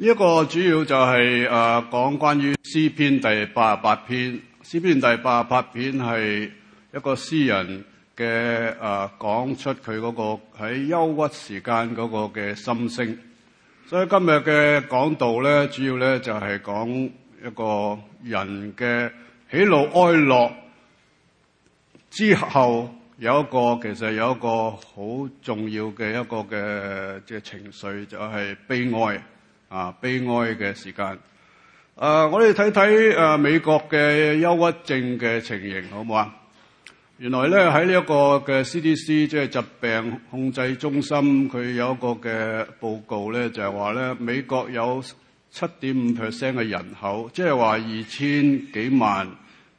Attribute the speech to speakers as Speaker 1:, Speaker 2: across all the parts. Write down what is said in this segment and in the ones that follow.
Speaker 1: 呢、這、一個主要就係、是、誒、呃、講關於詩篇第八十八篇，詩篇第八十八篇係一個詩人嘅誒、呃、講出佢嗰個喺憂鬱時間嗰個嘅心聲，所以今日嘅講道咧，主要咧就係講一個人嘅喜怒哀樂之後有一個其實有一個好重要嘅一個嘅即係情緒就係、是、悲哀。啊，悲哀嘅時間。誒、啊，我哋睇睇誒美國嘅憂鬱症嘅情形好唔好啊？原來咧喺呢一個嘅 CDC，即係疾病控制中心，佢有一個嘅報告咧，就係話咧美國有七點五 percent 嘅人口，即係話二千幾萬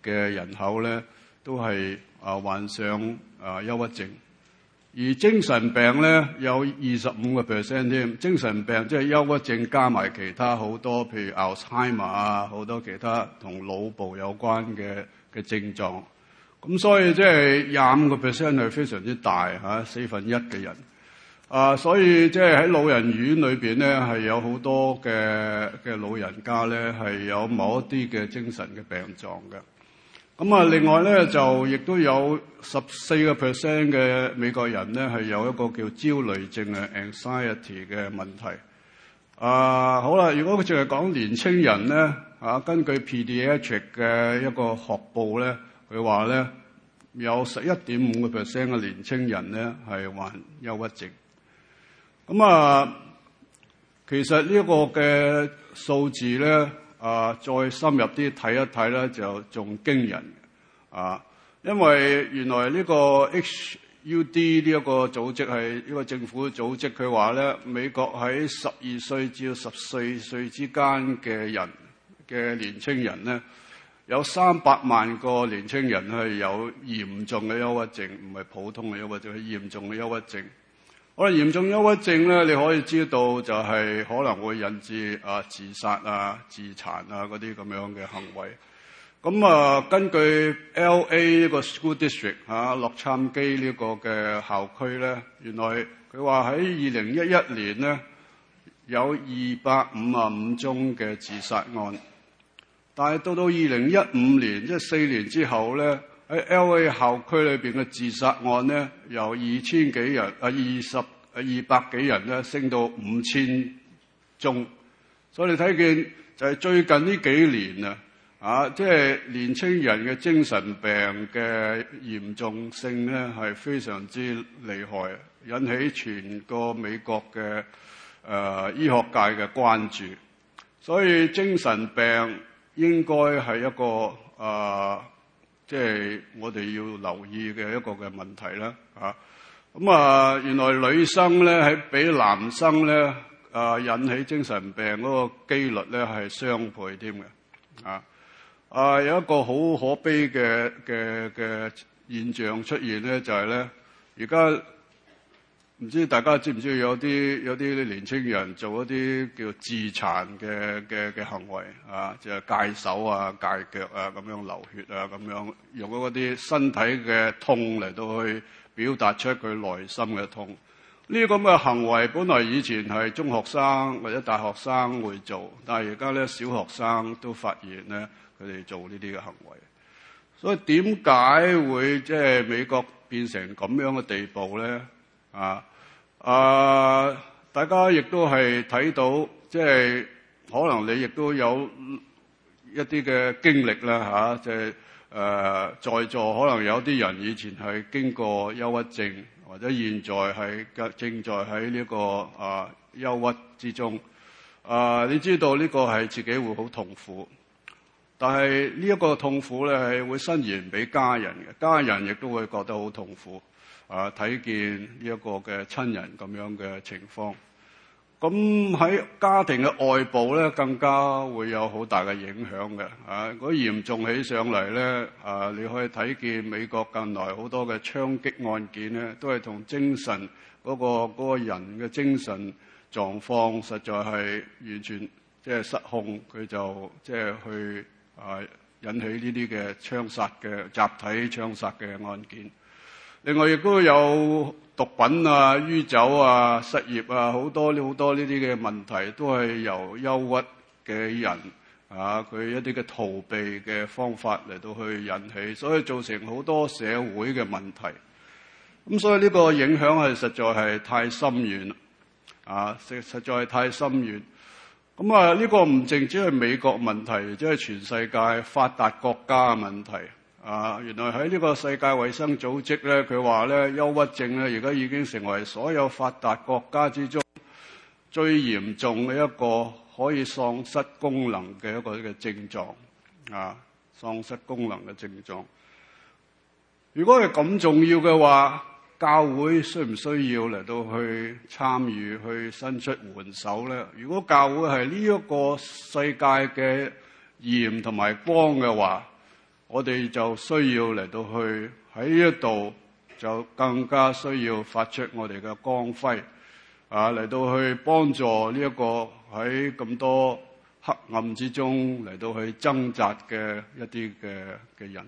Speaker 1: 嘅人口咧，都係啊患上啊憂鬱症。而精神病咧有二十五個 percent 添，精神病即係憂鬱症加埋其他好多，譬如 Alzheimer 啊，好多其他同腦部有關嘅嘅症狀。咁所以即係廿五個 percent 係非常之大嚇，啊，四分一嘅人。啊，所以即係喺老人院裏邊咧，係有好多嘅嘅老人家咧係有某一啲嘅精神嘅病狀嘅。咁啊，另外呢，就亦都有十四個 percent 嘅美國人呢，係有一個叫焦慮症啊 （anxiety） 嘅問題啊，好啦，如果佢淨係講年青人呢，啊，根據 PDH 嘅一個學報呢，佢話呢，有十一點五個 percent 嘅年青人呢，係患憂鬱症。咁啊，其實呢個嘅數字呢。啊！再深入啲睇一睇咧，就仲驚人啊！因為原來呢個 HUD 呢一個組織係呢個政府組織，佢話咧，美國喺十二歲至十四歲之間嘅人嘅年青人咧，有三百萬個年青人係有嚴重嘅憂鬱症，唔係普通嘅憂鬱症，係嚴重嘅憂鬱症。我哋嚴重憂鬱症呢，你可以知道就係可能會引致啊自殺啊、自殘啊嗰啲咁樣嘅行為。咁、啊、根據 LA 一個 school district 落、啊、洛杉磯呢個嘅校區呢，原來佢話喺二零一一年呢，有二百五十五宗嘅自殺案，但係到到二零一五年即四、就是、年之後呢。喺 L.A. 校區裏面嘅自殺案呢，由二千幾人啊，二十、二百幾人咧，升到五千宗。所以你睇見就係最近呢幾年啊，啊，即係年青人嘅精神病嘅嚴重性咧，係非常之厲害，引起全個美國嘅誒醫學界嘅關注。所以精神病應該係一個啊。呃即係我哋要留意嘅一個嘅問題啦，咁啊原來女生咧係比男生咧、啊、引起精神病嗰個機率咧係雙倍添嘅。啊啊有一個好可悲嘅嘅嘅現象出現咧，就係咧而家。唔知大家知唔知有啲有啲年青人做一啲叫自殘嘅嘅嘅行為啊，就係、是、戒手啊、戒腳啊咁樣流血啊咁樣，用嗰啲身體嘅痛嚟到去表達出佢內心嘅痛。呢啲咁嘅行為本來以前係中學生或者大學生會做，但係而家咧小學生都發現咧佢哋做呢啲嘅行為。所以點解會即係、就是、美國變成咁樣嘅地步咧？啊！啊、呃！大家亦都係睇到，即係可能你亦都有一啲嘅經歷啦，嚇。即係誒，在座可能有啲人以前係經過憂鬱症，或者現在係正在喺呢、這個啊憂鬱之中。啊，你知道呢個係自己會好痛苦，但係呢一個痛苦咧係會伸延俾家人嘅，家人亦都會覺得好痛苦。啊！睇見呢一個嘅親人咁樣嘅情況，咁喺家庭嘅外部咧，更加會有好大嘅影響嘅。啊，如果嚴重起上嚟咧，啊，你可以睇見美國近來好多嘅槍擊案件咧，都係同精神嗰個嗰個人嘅精神狀況，實在係完全即係失控，佢就即係去啊引起呢啲嘅槍殺嘅集體槍殺嘅案件。另外亦都有毒品啊、酗酒啊、失業啊，好多好多呢啲嘅問題都係由憂鬱嘅人啊，佢一啲嘅逃避嘅方法嚟到去引起，所以造成好多社會嘅問題，咁所以呢個影響係實在係太深遠啊，實實在係太深遠，咁啊呢個唔淨止係美國問題，即係全世界發達國家嘅問題。啊！原來喺呢個世界衛生組織咧，佢話咧憂鬱症咧，而家已經成為所有發達國家之中最嚴重嘅一個可以喪失功能嘅一個嘅症狀啊！喪失功能嘅症狀。如果係咁重要嘅話，教會需唔需要嚟到去參與去伸出援手咧？如果教會係呢一個世界嘅鹽同埋光嘅話，我哋就需要嚟到去喺呢一度就更加需要發出我哋嘅光輝，啊嚟到去幫助呢一個喺咁多黑暗之中嚟到去掙扎嘅一啲嘅嘅人。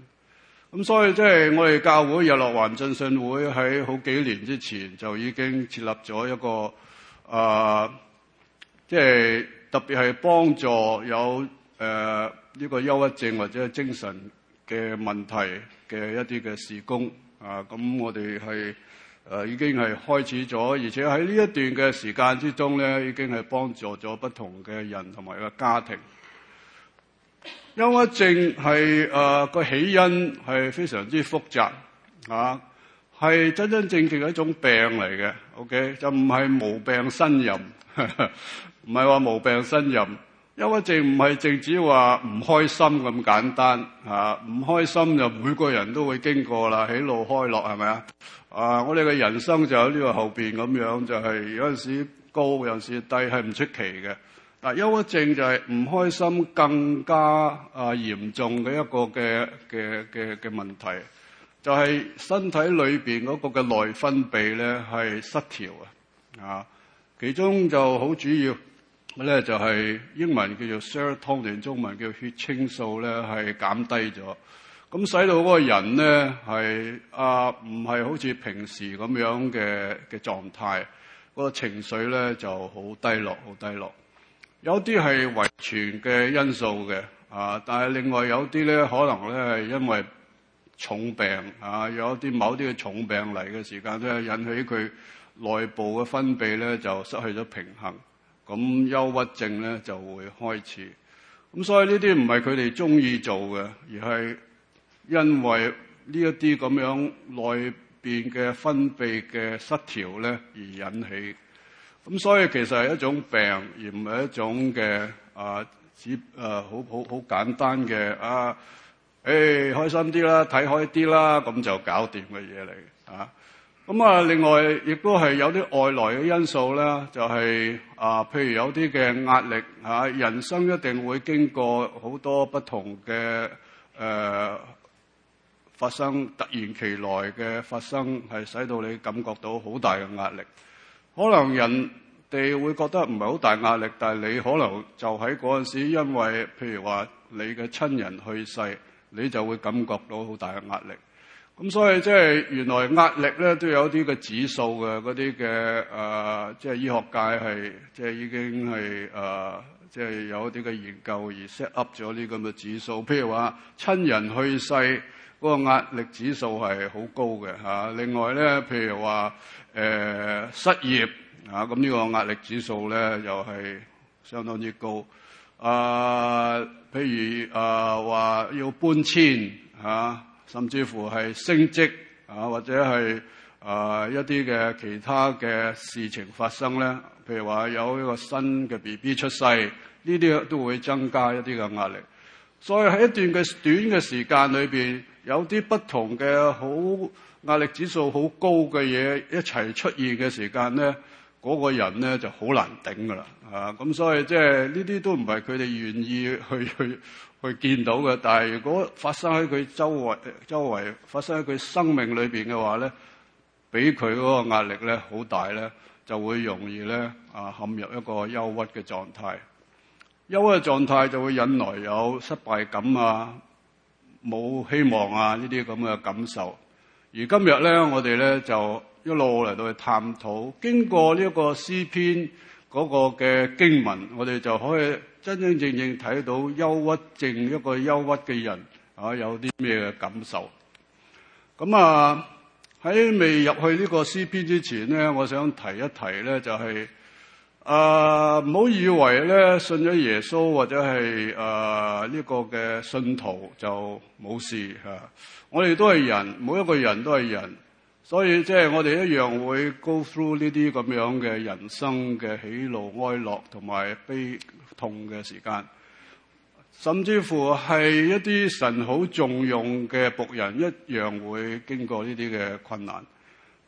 Speaker 1: 咁所以即係我哋教會日落環浸信會喺好幾年之前就已經設立咗一個啊，即係特別係幫助有誒、啊、呢個憂鬱症或者精神嘅問題嘅一啲嘅事工啊，咁我哋係誒已經係開始咗，而且喺呢一段嘅時間之中咧，已經係幫助咗不同嘅人同埋個家庭。憂鬱症係誒個起因係非常之複雜啊，係真真正正一種病嚟嘅。OK，就唔係無病呻吟，唔係話無病呻吟。憂鬱症唔係淨止話唔開心咁簡單吓，唔開心就每個人都會經過啦，喜怒哀樂係咪啊？啊，我哋嘅人生就喺呢個後邊咁樣，就係、是、有陣時候高，有陣時候低係唔出奇嘅。但係憂鬱症就係唔開心更加啊嚴重嘅一個嘅嘅嘅嘅問題，就係、是、身體裏邊嗰個嘅內分泌咧係失調啊，其中就好主要。咧就係、是、英文叫做 serotonin，中文叫血清素咧係減低咗，咁使到嗰個人咧係啊唔係好似平時咁樣嘅嘅狀態，狀態嗰個情緒咧就好低落，好低落。有啲係遺傳嘅因素嘅啊，但係另外有啲咧可能咧係因為重病啊，有啲某啲嘅重病嚟嘅時間咧引起佢內部嘅分泌咧就失去咗平衡。咁憂鬱症咧就會開始，咁所以呢啲唔係佢哋鍾意做嘅，而係因為呢一啲咁樣內邊嘅分泌嘅失調咧而引起，咁所以其實係一種病，而唔係一種嘅啊，只啊好好好簡單嘅啊，誒開心啲啦，睇開啲啦，咁就搞掂嘅嘢嚟啊！咁啊，另外亦都係有啲外來嘅因素咧，就係、是、啊，譬如有啲嘅壓力吓、啊，人生一定會經過好多不同嘅誒、啊、發生，突然其來嘅發生係使到你感覺到好大嘅壓力。可能人哋會覺得唔係好大壓力，但係你可能就喺嗰陣時，因為譬如話你嘅親人去世，你就會感覺到好大嘅壓力。咁所以即係原來壓力咧都有啲嘅指數嘅，嗰啲嘅即係醫學界係即係已經係即係有一啲嘅研究而 set up 咗呢，咁嘅指數。譬如話親人去世嗰個壓力指數係好高嘅、啊、另外咧，譬如話、呃、失業啊，咁呢個壓力指數咧又係相當之高、啊。譬如話、啊、要搬遷甚至乎係升職啊，或者係、呃、一啲嘅其他嘅事情發生咧，譬如話有一個新嘅 BB 出世，呢啲都會增加一啲嘅壓力。再喺一段嘅短嘅時間裏面，有啲不同嘅好壓力指數好高嘅嘢一齊出現嘅時間咧。嗰個人咧就好難頂㗎喇，啊咁所以即係呢啲都唔係佢哋願意去去去見到嘅。但係如果發生喺佢周圍周圍發生喺佢生命裏邊嘅話咧，俾佢嗰個壓力咧好大咧，就會容易咧啊陷入一個憂鬱嘅狀態。憂鬱嘅狀態就會引來有失敗感啊、冇希望啊呢啲咁嘅感受。而今日咧，我哋咧就～一路嚟到去探討，經過呢一個詩篇嗰個嘅經文，我哋就可以真真正正睇到憂鬱症一個憂鬱嘅人啊，有啲咩感受？咁啊，喺未入去呢個詩篇之前咧，我想提一提咧、就是，就係啊，唔好以為咧信咗耶穌或者係啊呢個嘅信徒就冇事吓，我哋都係人，每一個人都係人。所以即係我哋一樣會 go through 呢啲咁樣嘅人生嘅喜怒哀樂同埋悲痛嘅時間，甚至乎係一啲神好重用嘅僕人一樣會經過呢啲嘅困難，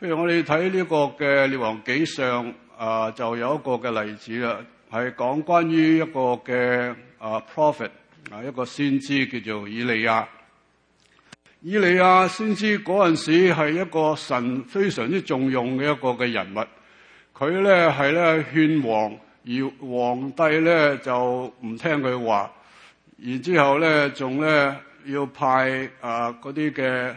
Speaker 1: 譬如我哋睇呢個嘅列王紀上啊，就有一個嘅例子啦，係講關於一個嘅啊 prophet 啊一個先知叫做以利亞。以利亞先知嗰陣時係一個神非常之重用嘅一個嘅人物。佢咧係咧勸皇，而皇帝咧就唔聽佢話。然之後咧仲咧要派嗰啲嘅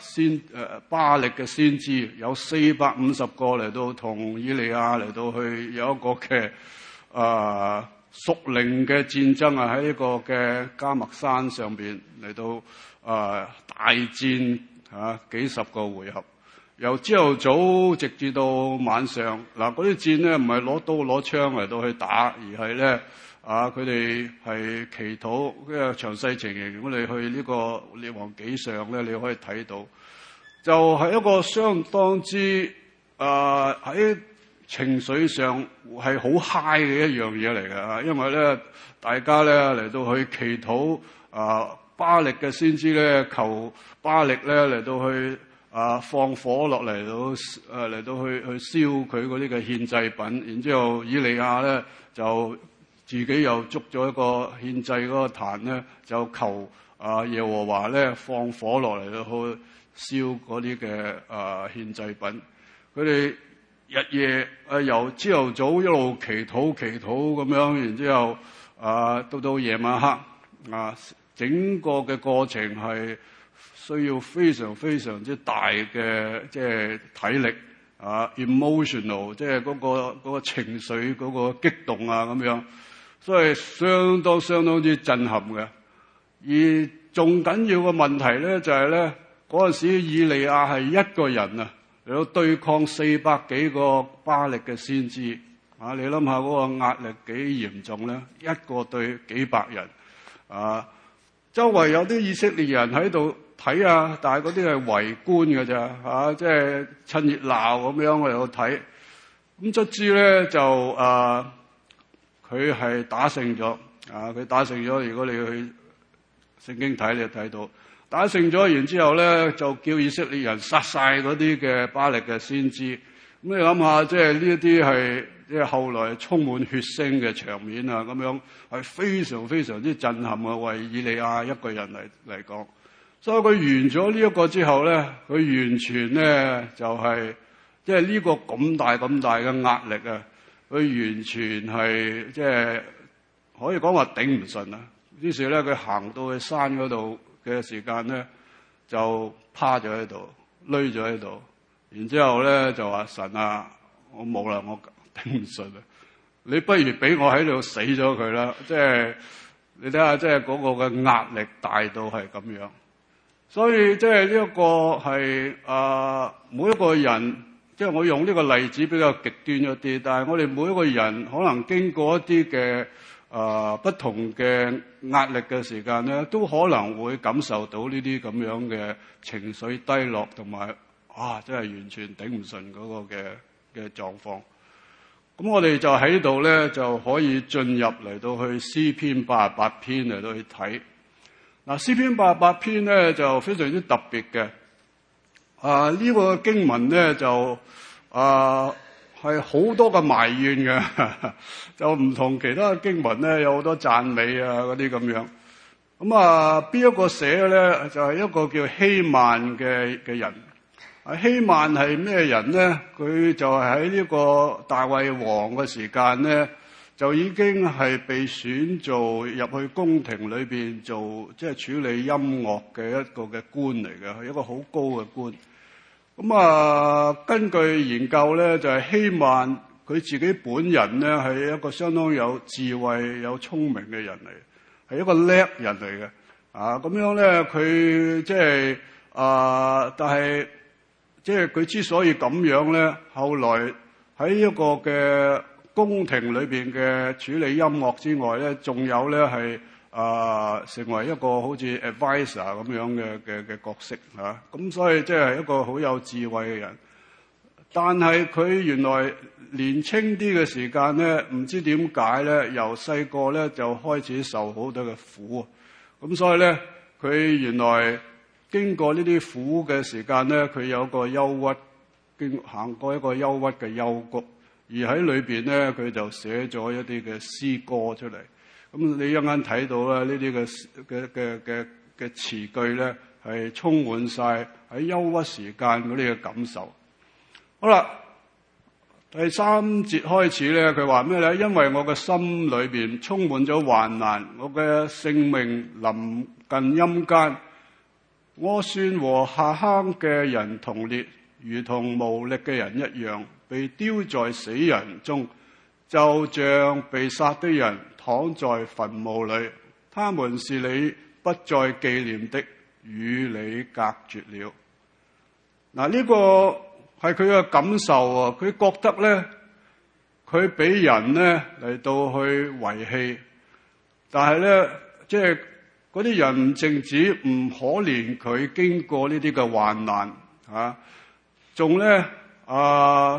Speaker 1: 先、啊、巴力嘅先知有四百五十個嚟到同以利亞嚟到去有一個嘅屬靈嘅戰爭啊！喺呢個嘅迦密山上面嚟到。啊！大戰嚇、啊、幾十個回合，由朝頭早直至到晚上。嗱、啊，嗰啲戰呢，唔係攞刀攞槍嚟到去打，而係咧啊！佢哋係祈禱。因、啊、為詳細情形，如果你去呢個《列王紀》上咧，你可以睇到，就係、是、一個相當之啊喺情緒上係好 high 嘅一樣嘢嚟嘅。因為咧，大家咧嚟到去祈禱啊！巴力嘅先知咧，求巴力咧嚟到去啊放火落嚟到，誒、啊、嚟到去去燒佢嗰啲嘅獻祭品。然之後，以利亞咧就自己又捉咗一個獻祭嗰個壇咧，就求啊耶和華咧放火落嚟到去燒嗰啲嘅啊獻祭品。佢哋日夜啊由朝頭早一路祈禱祈禱咁樣，然之後啊到到夜晚黑啊。整個嘅過程係需要非常非常之大嘅，即係體力啊，emotional，即係嗰個嗰個情緒嗰個激動啊咁樣，所以相當相當之震撼嘅。而仲緊要嘅問題咧就係咧嗰陣時，以利亞係一個人啊，嚟到對抗四百幾個巴力嘅先知啊！你諗下嗰個壓力幾嚴重咧？一個對幾百人啊！周圍有啲以色列人喺度睇啊，但係嗰啲係圍觀嘅咋，啊，即係趁熱鬧咁樣我哋去睇。咁卒之咧就啊，佢係打勝咗，啊，佢打勝咗，啊。如果你去聖經睇，你就睇到打勝咗。然之後咧就叫以色列人殺晒嗰啲嘅巴力嘅先知。咁你諗下，即係呢一啲係。即係後來充滿血腥嘅場面啊，咁樣係非常非常之震撼啊！為以利亞一個人嚟嚟講，所以佢完咗呢一個之後咧，佢完全咧就係即係呢個咁大咁大嘅壓力啊，佢完全係即係可以講話頂唔順啊。於是咧，佢行到去山嗰度嘅時間咧，就趴咗喺度，匿咗喺度，然之後咧就話神啊，我冇啦，我～頂唔順啊！你不如俾我喺度死咗佢啦！即係你睇下，即係嗰個嘅壓力大到係咁樣，所以即係呢一個係、呃、每一個人即係我用呢個例子比較極端一啲，但係我哋每一個人可能經過一啲嘅、呃、不同嘅壓力嘅時間咧，都可能會感受到呢啲咁樣嘅情緒低落，同埋啊，真係完全頂唔順嗰個嘅嘅狀況。咁我哋就喺度咧，就可以進入嚟到去詩篇八十八篇嚟到去睇。嗱，詩篇八十八篇咧就非常之特別嘅。啊，呢、這個經文咧就啊係好多嘅埋怨嘅， 就唔同其他經文咧有好多讚美啊嗰啲咁樣。咁啊，邊一個寫嘅咧？就係、是、一個叫希曼嘅嘅人。希曼係咩人咧？佢就係喺呢個大衛王嘅時間咧，就已經係被選做入去宮廷裏邊做，即係處理音樂嘅一個嘅官嚟嘅，係一個好高嘅官。咁啊，根據研究咧，就係希曼佢自己本人咧係一個相當有智慧、有聰明嘅人嚟，係一個叻人嚟嘅。啊，咁樣咧，佢即係啊，但係。即係佢之所以咁樣咧，後來喺一個嘅宮廷裏面嘅處理音樂之外咧，仲有咧係、呃、成為一個好似 adviser 咁樣嘅嘅嘅角色嚇。咁、啊、所以即係一個好有智慧嘅人。但係佢原來年輕啲嘅時間咧，唔知點解咧，由細個咧就開始受好多嘅苦啊。咁所以咧，佢原來。經過呢啲苦嘅時間咧，佢有個憂鬱，經行過一個憂鬱嘅幽谷，而喺裏邊咧，佢就寫咗一啲嘅詩歌出嚟。咁你一陣睇到咧，些的的的的的呢啲嘅嘅嘅嘅嘅詞句咧，係充滿晒喺憂鬱時間嗰啲嘅感受。好啦，第三節開始咧，佢話咩咧？因為我嘅心裏邊充滿咗患難，我嘅性命臨近陰間。我算和下坑嘅人同列，如同無力嘅人一樣，被丟在死人中，就像被殺的人躺在墳墓裏。他們是你不再紀念的，與你隔絕了。嗱，呢個係佢嘅感受啊！佢覺得呢，佢俾人呢嚟到去遺棄，但係呢，即係。嗰啲人唔淨止唔可憐佢經過呢啲嘅患難啊，仲咧啊，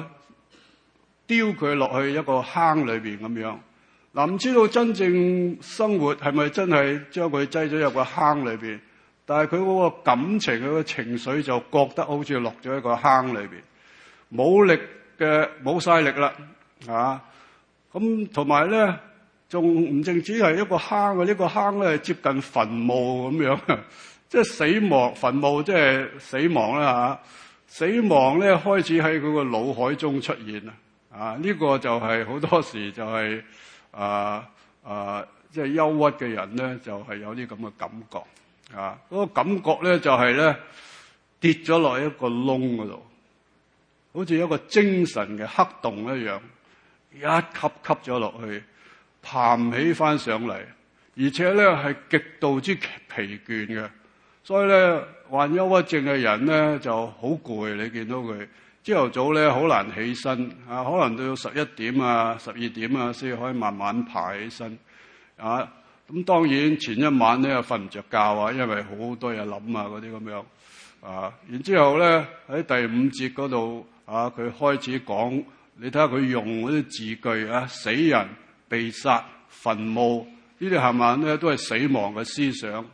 Speaker 1: 丟佢落去一個坑裏邊咁樣。嗱、啊，唔知道真正生活係咪真係將佢擠咗入個坑裏邊？但係佢嗰個感情、佢個情緒就覺得好似落咗喺個坑裏邊，冇力嘅，冇晒力啦，啊！咁同埋咧。仲唔淨止係一個坑嘅，呢、呢個坑咧接近墳墓咁樣，即係死亡墳墓，即係死亡啦嚇、啊。死亡咧開始喺佢個腦海中出現啦。啊，呢、呢個就係、係、好多時就係、係、啊啊，即、啊、係、就係、憂鬱嘅人咧，就係、係、有啲咁嘅感覺啊。嗰、嗰個感覺咧就係咧跌咗落一個窿嗰度，好似一個精神嘅黑洞一樣，一吸吸咗落去。爬唔起翻上嚟，而且咧係極度之疲倦嘅，所以咧患憂鬱症嘅人咧就好攰。你見到佢朝頭早咧好難起身啊，可能到十一點啊、十二點啊先可以慢慢爬起身啊。咁當然前一晚咧又瞓唔着覺啊，因為好多嘢諗啊，嗰啲咁樣啊。然之後咧喺第五節嗰度啊，佢開始講，你睇下佢用嗰啲字句啊，死人、被殺、墳墓呢啲行話咧，這些都係死亡嘅思想。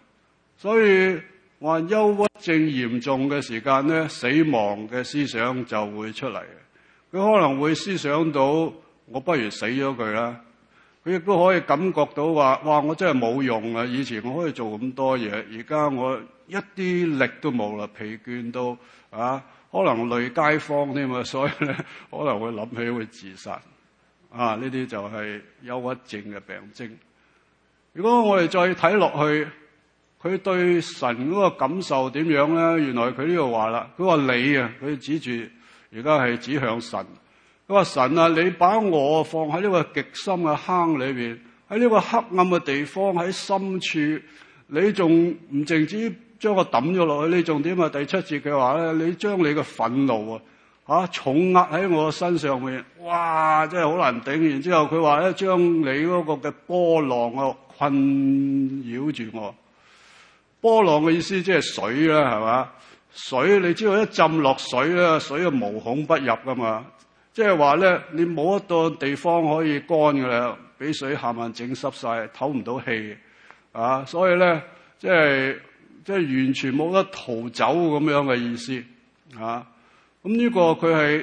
Speaker 1: 所以患憂鬱症嚴重嘅時間咧，死亡嘅思想就會出嚟。佢可能會思想到，我不如死咗佢啦。佢亦都可以感覺到話，哇！我真係冇用啊！以前我可以做咁多嘢，而家我一啲力都冇啦，疲倦到啊，可能累街坊添啊，所以咧可能會諗起會自殺。啊！呢啲就係憂鬱症嘅病徵。如果我哋再睇落去，佢對神嗰個感受點樣咧？原來佢呢度話啦，佢話你啊，佢指住而家係指向神。佢話神啊，你把我放喺呢個極深嘅坑裏面，喺呢個黑暗嘅地方，喺深處，你仲唔淨止將我抌咗落去，你仲點啊？第七節嘅話咧，你將你嘅憤怒啊！嚇，重壓喺我身上面，哇！真係好難頂。然之後佢話咧，將你嗰個嘅波浪啊，困擾住我。波浪嘅意思即係水啦，係嘛？水你知道一浸落水啦，水就無孔不入噶嘛。即係話咧，你冇一段地方可以乾噶啦，俾水慢慢整濕晒，唞唔到氣。啊，所以咧，即係即係完全冇得逃走咁樣嘅意思。啊！咁呢個佢係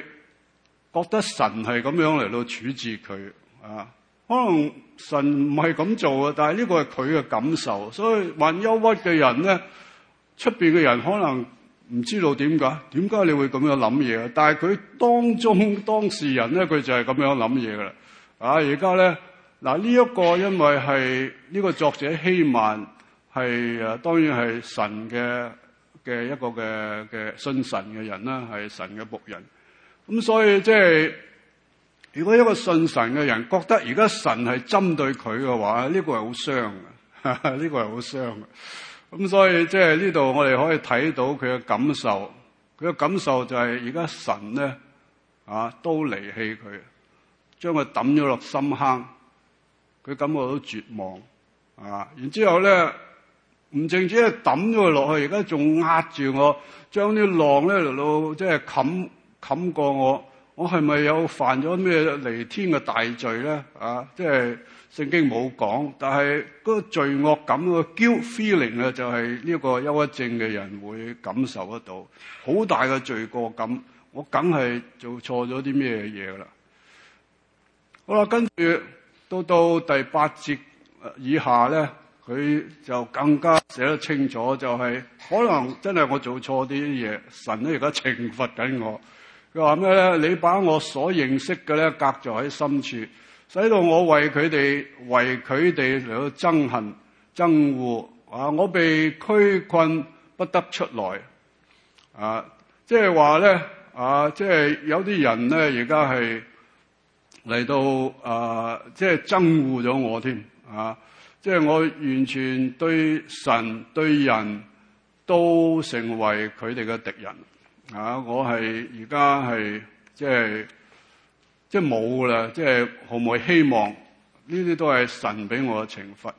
Speaker 1: 覺得神係咁樣嚟到處置佢啊，可能神唔係咁做嘅，但係呢個係佢嘅感受，所以還憂鬱嘅人咧，出面嘅人可能唔知道點解點解你會咁樣諗嘢，但係佢當中當事人咧，佢就係咁樣諗嘢噶啦。啊，而家咧嗱，呢一個，因為係呢個作者希望係誒，當然係神嘅。嘅一個嘅嘅信神嘅人啦，係神嘅僕人。咁所以即係，如果一個信神嘅人覺得而家神係針對佢嘅話，呢個係好傷嘅，呢個係好傷嘅。咁所以即係呢度我哋可以睇到佢嘅感受，佢嘅感受就係而家神咧啊都離棄佢，將佢抌咗落深坑，佢感覺到絕望啊。然之後咧。唔淨止係抌咗佢落去，而家仲壓住我，將啲浪咧嚟到，即係冚冚過我。我係咪有犯咗咩彌天嘅大罪咧？啊，即係聖經冇講，但係嗰、個罪惡感、個 guilt feeling 啊，就係呢個憂鬱症嘅人會感受得到，好大嘅罪過感。我梗係做錯咗啲咩嘢啦？好啦，跟住到到第八節以下咧。佢就更加寫得清楚，就係，就係可能真係我做錯啲嘢，神咧而家懲罰緊我。佢話咩咧？你把我所認識嘅咧隔咗喺深處，使到我為佢哋為佢哋嚟到憎恨、憎惡啊！我被拘困不得出來啊！即係話咧啊！即係有啲人咧而家係嚟到啊！即係憎惡咗我添啊！即係我完全對神對人都成為佢哋嘅敵人啊！我係而家係即係即係冇啦，即係毫冇希望。呢啲都係神俾我嘅懲罰。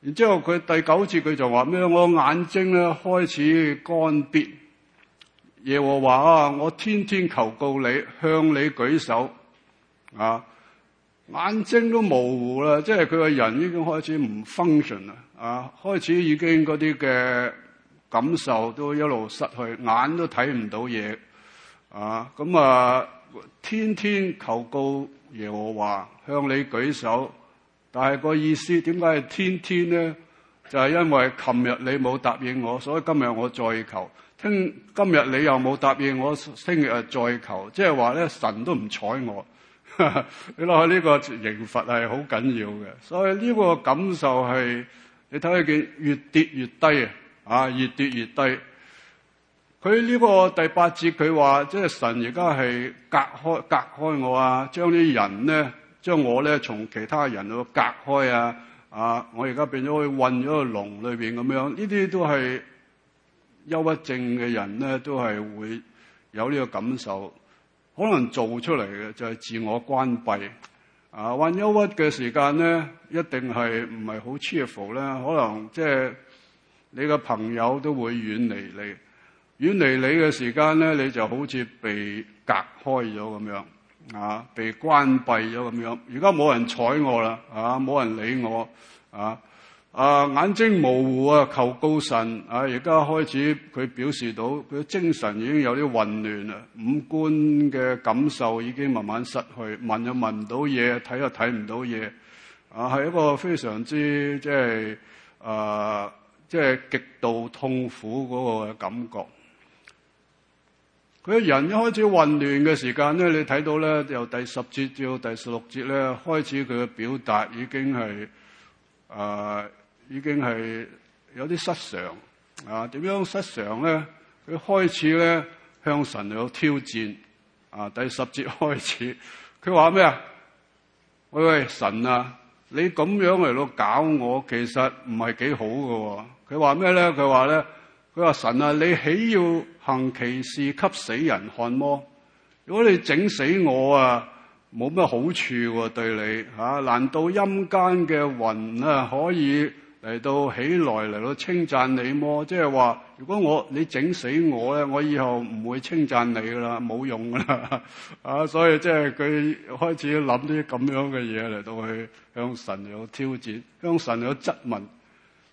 Speaker 1: 然之後佢第九節，佢就話咩？我眼睛咧開始乾癟。耶和華啊，我天天求告你，向你舉手啊！眼睛都模糊了，即係佢個人已經開始唔 function 啦，啊，開始已經啲嘅感受都一路失去，眼都睇唔到嘢，啊，咁、嗯、啊，天天求告耶和華，向你舉手，但係個意思點解係天天咧？就係、是、因為琴日你冇答應我，所以今日我再求，聽今日你又冇答應我，聽日再求，即係話咧神都唔睬我。你落去呢個刑罰係好緊要嘅，所以呢個感受係你睇下佢越跌越低啊，越跌越低。佢呢個第八節佢話即係神而家係隔開隔開我啊，將啲人咧，將我咧從其他人度隔開啊啊！我而家變咗去困咗個籠裏邊咁樣，呢啲都係憂鬱症嘅人咧，都係會有呢個感受。可能做出嚟嘅就係、是、自我關閉，啊，患憂鬱嘅時間咧，一定係唔係好 cheerful 咧？可能即係你嘅朋友都會遠離你，遠離你嘅時間咧，你就好似被隔開咗咁樣，啊，被關閉咗咁樣。而家冇人睬我啦，啊，冇人理我，啊。啊！眼睛模糊啊，求告神啊！啊，而家開始佢表示到佢精神已經有啲混亂啦，五官嘅感受已經慢慢失去，聞又聞唔到嘢，睇又睇唔到嘢。啊，係一個非常之即係啊，即係極度痛苦嗰個感覺。佢人一開始混亂嘅時間咧，你睇到咧由第十節至到第十六節咧，開始佢嘅表達已經係啊。已經係有啲失常啊？點樣失常咧？佢開始咧向神有挑戰啊！第十節開始，佢話咩啊？喂喂，神啊，你咁樣嚟到搞我，其實唔係幾好噶、啊。佢話咩咧？佢話咧，佢話神啊，你豈要行奇事給死人看麼？如果你整死我啊，冇咩好處喎、啊、對你吓、啊？難道陰間嘅魂啊可以？嚟到起來嚟到稱讚你麼？即係話，如果我你整死我咧，我以後唔會稱讚你噶啦，冇用噶啦啊！ 所以即係佢開始諗啲咁樣嘅嘢嚟到去向神有挑戰，向神有質問，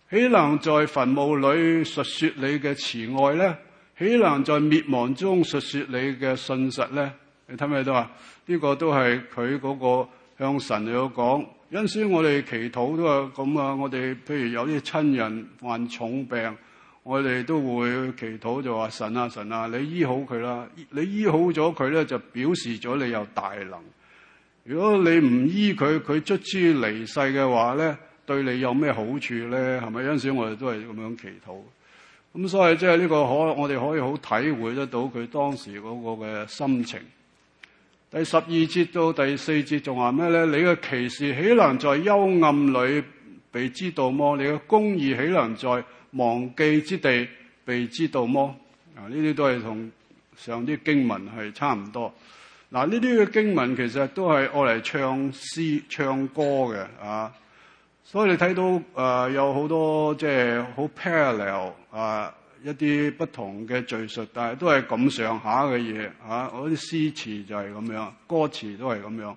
Speaker 1: 豈能在墳墓裏述說你嘅慈愛咧？豈能在滅亡中述說你嘅信實咧？你睇唔睇到啊？呢個都係佢嗰個向神有講。有時我哋祈禱都係咁啊，我哋譬如有啲親人患重病，我哋都會祈禱就話神啊神啊，你醫好佢啦！你醫好咗佢咧，就表示咗你有大能。如果你唔醫佢，佢卒之離世嘅話咧，對你有咩好處咧？係咪？有時我哋都係咁樣祈禱。咁所以即係呢個可，我哋可以好體會得到佢當時嗰個嘅心情。第十二節到第四節仲話咩咧？你嘅歧視豈能在幽暗裏被知道麼？你嘅公義豈能在忘記之地被知道麼？啊，呢啲都係同上啲經文係差唔多。嗱、啊，呢啲嘅經文其實都係用嚟唱詩、唱歌嘅啊。所以你睇到誒、呃，有好多即係好 parallel 啊。一啲不同嘅敘述，但係都係咁上下嘅嘢嚇。嗰啲詩詞就係咁樣，歌詞都係咁樣。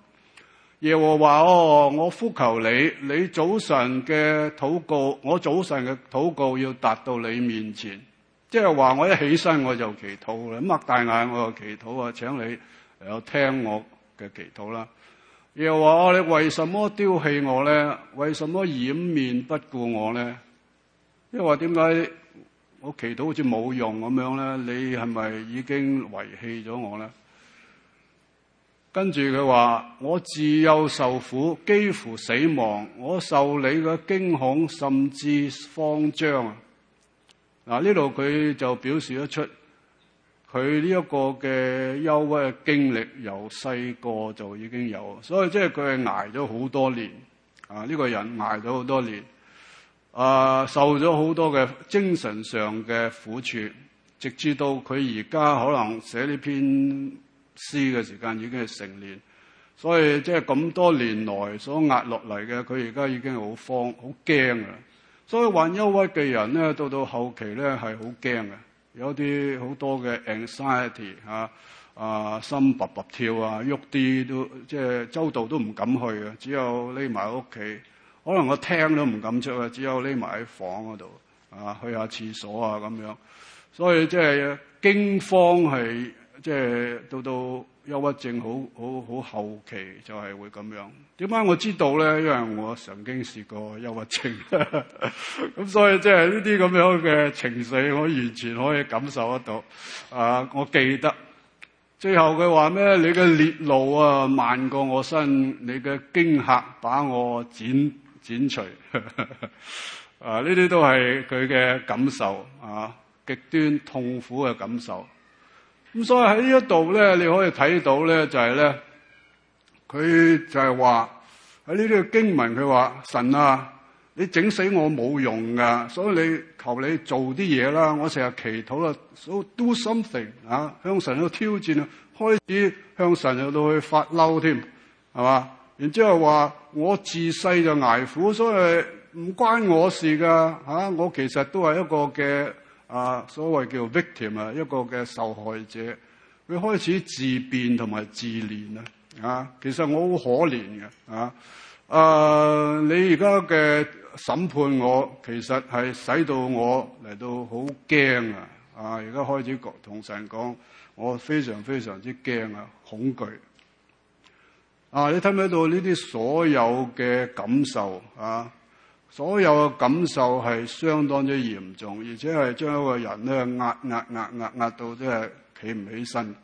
Speaker 1: 耶和華哦，我呼求你，你早晨嘅禱告，我早晨嘅禱告要達到你面前，即係話我一起身我就祈禱，擘大眼我就祈禱啊！請你有聽我嘅祈禱啦。耶和華哦，你為什麼丟棄我咧？為什麼掩面不顧我咧？因為點解？我祈禱好似冇用咁樣咧，你係咪已經遺棄咗我咧？跟住佢話：我自幼受苦，幾乎死亡，我受你嘅驚恐，甚至慌張啊！嗱，呢度佢就表示得出佢呢一個嘅憂鬱嘅經歷，由細個就已經有，所以即係佢係挨咗好多年啊！呢個人挨咗好多年。啊，這個人啊、呃，受咗好多嘅精神上嘅苦處，直至到佢而家可能寫呢篇詩嘅時間已經係成年，所以即係咁多年來所壓落嚟嘅，佢而家已經好慌、好驚啊！所以患憂鬱嘅人咧，到到後期咧係好驚㗎。有啲好多嘅 anxiety 吓，啊，心拔拔跳啊，喐啲都即係、就是、周到都唔敢去啊，只有匿埋屋企。可能我聽都唔敢出去，只有匿埋喺房嗰度啊，去下廁所啊咁樣。所以即係驚慌係即係到到憂鬱症，好好好後期就係會咁樣。點解我知道咧？因為我曾經試過憂鬱症，咁所以即係呢啲咁樣嘅情緒，我完全可以感受得到啊！我記得最後佢話咩？你嘅烈怒啊，慢過我身；你嘅驚嚇把我剪。剪除 啊！呢啲都係佢嘅感受啊，極端痛苦嘅感受。咁所以喺呢一度咧，你可以睇到咧，就係、是、咧，佢就係話喺呢啲經文他說，佢話神啊，你整死我冇用噶，所以你求你做啲嘢啦，我成日祈禱啦，so do something 啊，向神去挑戰啊，開始向神去到去發嬲添，係嘛？然之後話我自細就捱苦，所以唔關我事噶嚇。我其實都係一個嘅啊，所謂叫 victim 啊，一個嘅受害者。佢開始自辯同埋自憐啊。其實我好可憐嘅啊，啊。你而家嘅審判我，其實係使到我嚟到好驚啊啊！而家開始同神講，我非常非常之驚啊，恐懼。啊！你睇唔睇到呢啲所有嘅感受啊？所有嘅感受係相當之嚴重，而且係將一個人咧壓壓壓壓壓到即係企唔起身。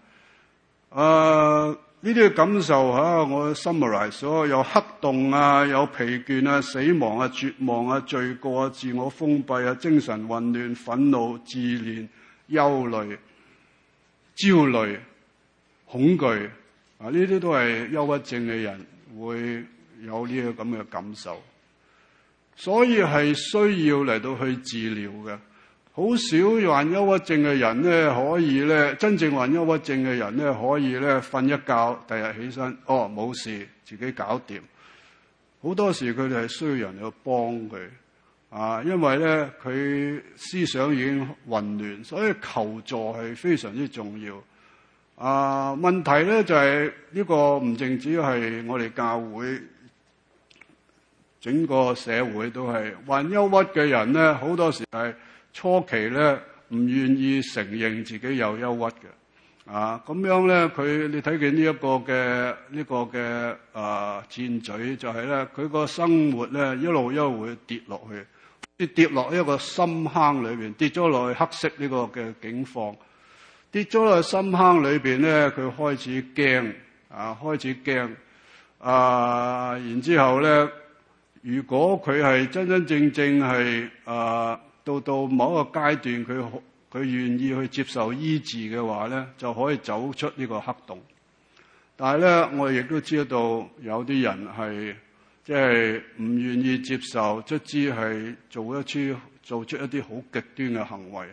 Speaker 1: 啊！呢啲嘅感受嚇，我心目內所有有黑洞啊，有疲倦啊、死亡啊、絕望啊、罪過啊、自我封閉啊、精神混亂、憤怒、自憐、憂慮、焦慮、恐懼。啊！呢啲都係憂鬱症嘅人會有呢個咁嘅感受，所以係需要嚟到去治療嘅。好少患憂鬱症嘅人咧，可以咧真正患憂鬱症嘅人咧，可以咧瞓一覺，第日起身，哦冇事，自己搞掂。好多時佢哋係需要人去幫佢啊，因為咧佢思想已經混亂，所以求助係非常之重要。啊，問題咧就係呢個唔淨止係我哋教會，整個社會都係患憂鬱嘅人咧。好多時係初期咧，唔願意承認自己有憂鬱嘅。啊，咁樣咧，佢你睇見呢一個嘅呢個嘅啊箭嘴，就係咧佢個生活咧一路一路會跌落去，跌跌落一個深坑裏邊，跌咗落去黑色呢個嘅境況。跌咗喺深坑裏邊咧，佢開始驚啊，開始驚啊。然之後咧，如果佢係真真正正係啊，到到某一個階段，佢佢願意去接受醫治嘅話咧，就可以走出呢個黑洞。但係咧，我亦都知道有啲人係即係唔願意接受，卒之係做一出做出一啲好極端嘅行為。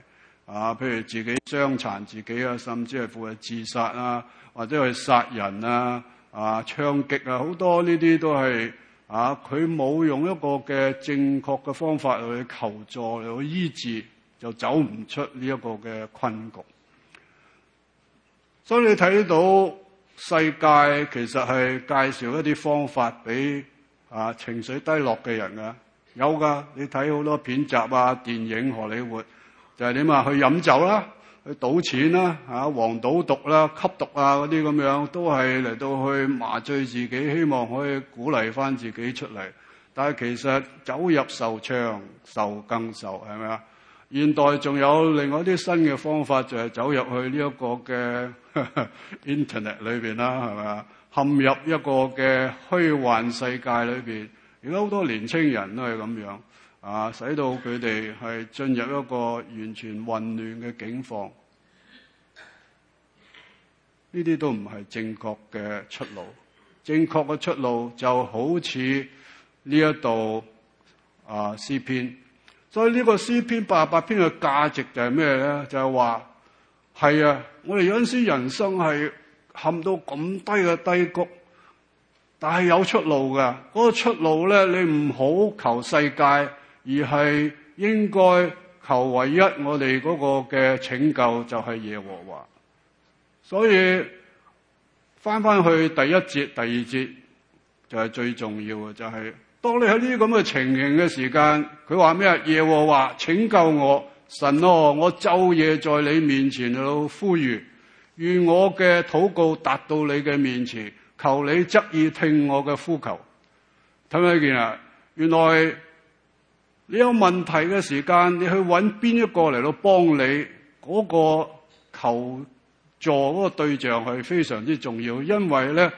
Speaker 1: 啊，譬如自己傷殘自己啊，甚至係負責自殺啊，或者係殺人啊、啊槍擊啊，好多呢啲都係啊，佢冇用一個嘅正確嘅方法去求助，去醫治，就走唔出呢一個嘅困局。所以你睇到世界其實係介紹一啲方法俾啊情緒低落嘅人啊，有噶，你睇好多片集啊、電影、荷里活。就係點啊？去飲酒啦，去賭錢啦，黃賭毒啦，吸毒啊嗰啲咁樣，都係嚟到去麻醉自己，希望可以鼓勵翻自己出嚟。但係其實走入愁暢，愁更愁，係咪啊？現代仲有另外啲新嘅方法，就係、是、走入去呢一個嘅 Internet 裏面啦，係咪啊？陷入一個嘅虛幻世界裏面。而家好多年青人都係咁樣。啊！使到佢哋係進入一個完全混亂嘅境況，呢啲都唔係正確嘅出路。正確嘅出路就好似呢一度啊詩篇。所以呢個詩篇八十八篇嘅價值就係咩咧？就係話係啊！我哋有陣時人生係陷到咁低嘅低谷，但係有出路嘅。嗰、那個出路咧，你唔好求世界。而係應該求唯一，我哋嗰個嘅拯救就係耶和華。所以返返去第一節、第二節就係最重要嘅，就係當你喺呢啲咁嘅情形嘅時間，佢話咩啊？耶和華拯救我，神哦，我晝夜在你面前嚟呼籲，願我嘅禱告達到你嘅面前，求你側耳聽我嘅呼求。睇唔睇見啊？原來。你有問題嘅時間，你去揾邊一個嚟到幫你？嗰、那個求助嗰個對象係非常之重要，因為咧、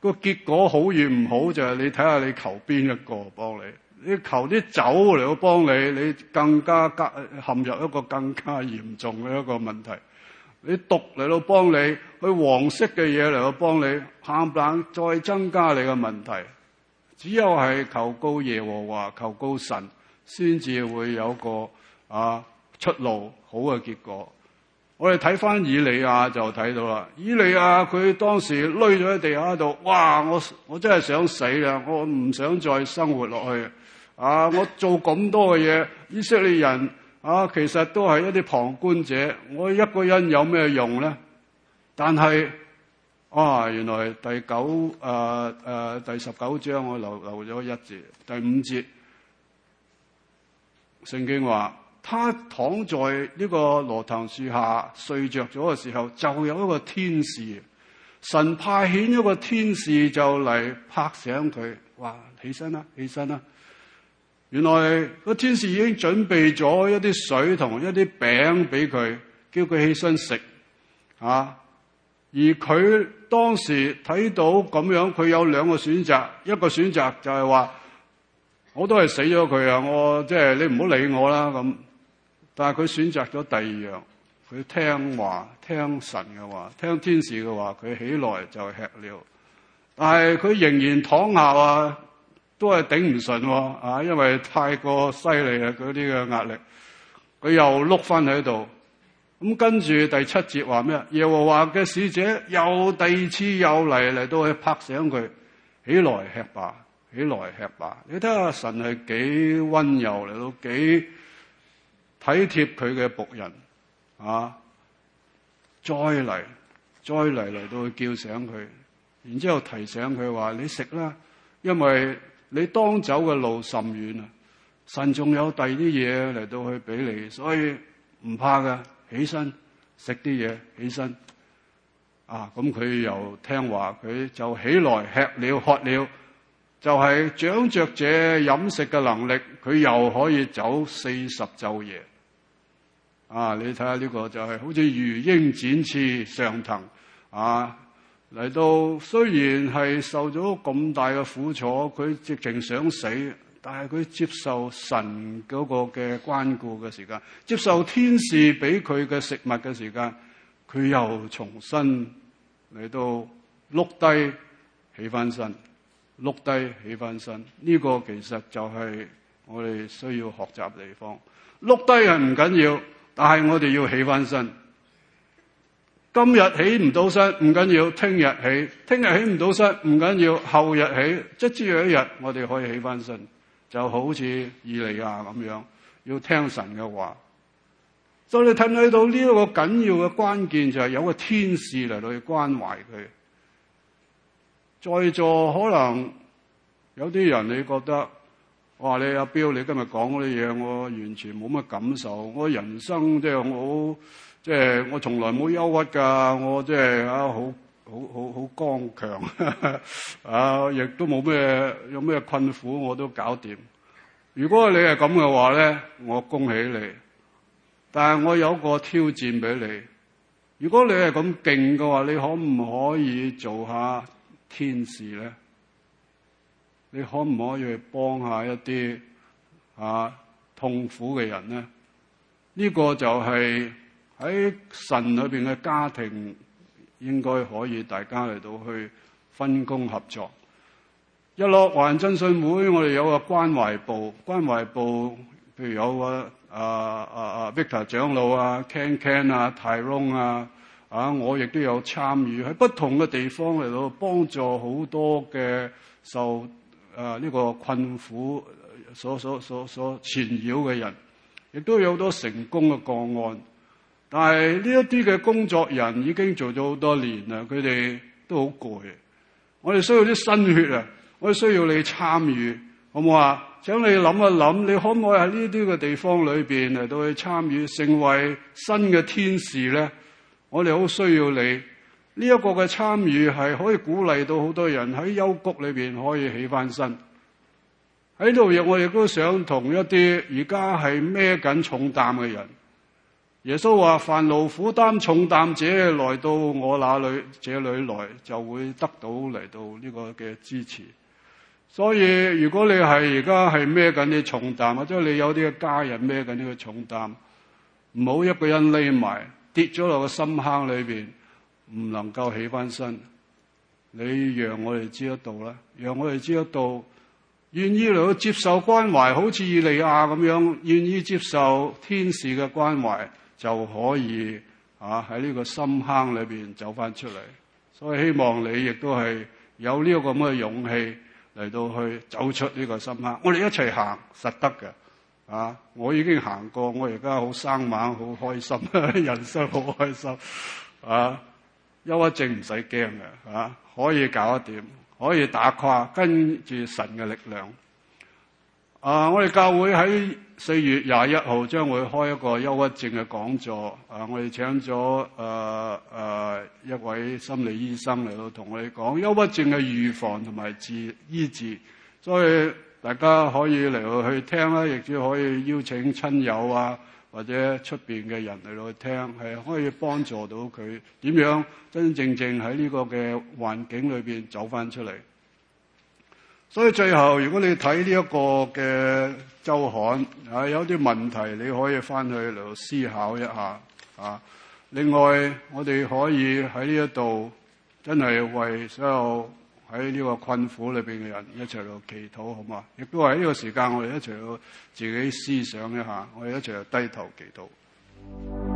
Speaker 1: 那個結果好與唔好，就係、是、你睇下你求邊一個幫你？你求啲酒嚟到幫你，你更加加陷入一個更加嚴重嘅一個問題；你毒嚟到幫你，去黃色嘅嘢嚟到幫你，冚唪唥再增加你嘅問題。只有係求告耶和華，求告神，先至會有個啊出路好嘅結果。我哋睇返以利亞就睇到啦，以利亞佢當時累咗喺地下度，哇！我我真係想死啦，我唔想再生活落去啊！我做咁多嘅嘢，以色列人啊，其實都係一啲旁觀者，我一個人有咩用咧？但係。哦、原來第九誒誒、呃呃、第十九章，我留留咗一節。第五節聖經話：他躺在呢個羅騰樹下睡著咗嘅時候，就有一個天使，神派遣一個天使就嚟拍醒佢。話：起身啦、啊，起身啦、啊！原來個天使已經準備咗一啲水同一啲餅俾佢，叫佢起身食啊！而佢當時睇到咁樣，佢有兩個選擇，一個選擇就係話：我都係死咗佢啊，我即係、就是、你唔好理我啦咁。但係佢選擇咗第二樣，佢聽話聽神嘅話，聽天使嘅話，佢起來就吃了。但係佢仍然躺下話，都係頂唔順喎啊，因為太過犀利啊嗰啲嘅壓力，佢又碌返喺度。咁跟住第七節話咩？耶和華嘅使者又第二次又嚟嚟到去拍醒佢，起來吃吧，起來吃吧。你睇下、啊、神係幾溫柔嚟到幾體貼佢嘅僕人啊！再嚟再嚟嚟到去叫醒佢，然之後提醒佢話：你食啦，因為你當走嘅路甚遠啊！神仲有第二啲嘢嚟到去俾你，所以唔怕噶。.起身食啲嘢，起身啊！咁佢又聽話，佢就起來吃了喝了，就係、是、掌着這飲食嘅能力，佢又可以走四十晝夜啊！你睇下呢個就係、是、好似如鷹展翅上騰啊！嚟到雖然係受咗咁大嘅苦楚，佢直情想死。但係佢接受神嗰個嘅關顧嘅時間，接受天使俾佢嘅食物嘅時間，佢又重新嚟到碌低起翻身，碌低起翻身。呢個其實就係我哋需要學習嘅地方。碌低係唔緊要，但係我哋要起翻身。今日起唔到身唔緊要，聽日起，聽日起唔到身唔緊要，後日起。即至有一日，我哋可以起翻身。就好似以利亞咁樣，要聽神嘅話。所以你睇唔睇到呢一個緊要嘅關鍵，就係有個天使嚟到去關懷佢。在座可能有啲人你覺得，哇，你阿彪，你今日講嗰啲嘢，我完全冇乜感受。我人生即係我即係、就是、我從來冇憂鬱，㗎。我即、就、係、是、啊好。好好好剛強 啊！亦都冇咩有咩困苦，我都搞掂。如果你係咁嘅話咧，我恭喜你。但係我有個挑戰俾你。如果你係咁勁嘅話，你可唔可以做下天使咧？你可唔可以去幫下一啲啊痛苦嘅人咧？呢、呢個就係喺神裏面嘅家庭。應該可以大家嚟到去分工合作。一落華人真信會，我哋有個關懷部，關懷部譬如有個啊啊啊 Victor 長老啊、，Ken Ken 啊，Tyrone 啊，啊我亦都有參與喺不同嘅地方嚟到幫助好多嘅受啊呢個困苦所所所所纏繞嘅人，亦都有好多成功嘅個案。但係呢一啲嘅工作人已經做咗好多年啦，佢哋都好攰。我哋需要啲新血啊！我哋需要你參與，好唔好啊？請你諗一諗，你可唔可以喺呢啲嘅地方裏邊嚟到去參與，成為新嘅天使咧？我哋好需要你。呢、這、一個嘅參與係可以鼓勵到好多人喺憂谷裏邊可以起翻身。喺度亦我亦都想同一啲而家係孭緊重擔嘅人。耶穌話：凡勞苦擔、重擔者來到我那裡，這裡來就會得到嚟到呢個嘅支持。所以，如果你係而家係孭緊啲重擔，或者你有啲嘅家人孭緊呢個重擔，唔好一個人匿埋跌咗落個深坑裏邊，唔能夠起返身。你讓我哋知得到啦，讓我哋知得到願意嚟到接受關懷，好似以利亞咁樣，願意接受天使嘅關懷。就可以啊，喺呢個深坑裏面走翻出嚟，所以希望你亦都係有呢個咁嘅勇氣嚟到去走出呢個深坑，我。我哋一齊行實得嘅啊！我已經行過，我而家好生猛，好開心，人生好開心啊！憂鬱症唔使驚嘅啊，可以搞一掂，可以打垮，跟住神嘅力量啊！我哋教會喺～四月廿一號將會開一個憂鬱症嘅講座，啊，我哋請咗誒誒一位心理醫生嚟到同我哋講憂鬱症嘅預防同埋治醫治，所以大家可以嚟到去聽啦，亦都可以邀請親友啊或者出邊嘅人嚟到去聽，係可以幫助到佢點樣真真正正喺呢個嘅環境裏邊走翻出嚟。所以最後，如果你睇呢一個嘅周刊，有啲問題，你可以翻去嚟思考一下。啊，另外我哋可以喺呢一度，真係為所有喺呢個困苦裏面嘅人一齊嚟祈禱，好嘛？亦都係呢個時間，我哋一齊自己思想一下，我哋一齊低頭祈禱。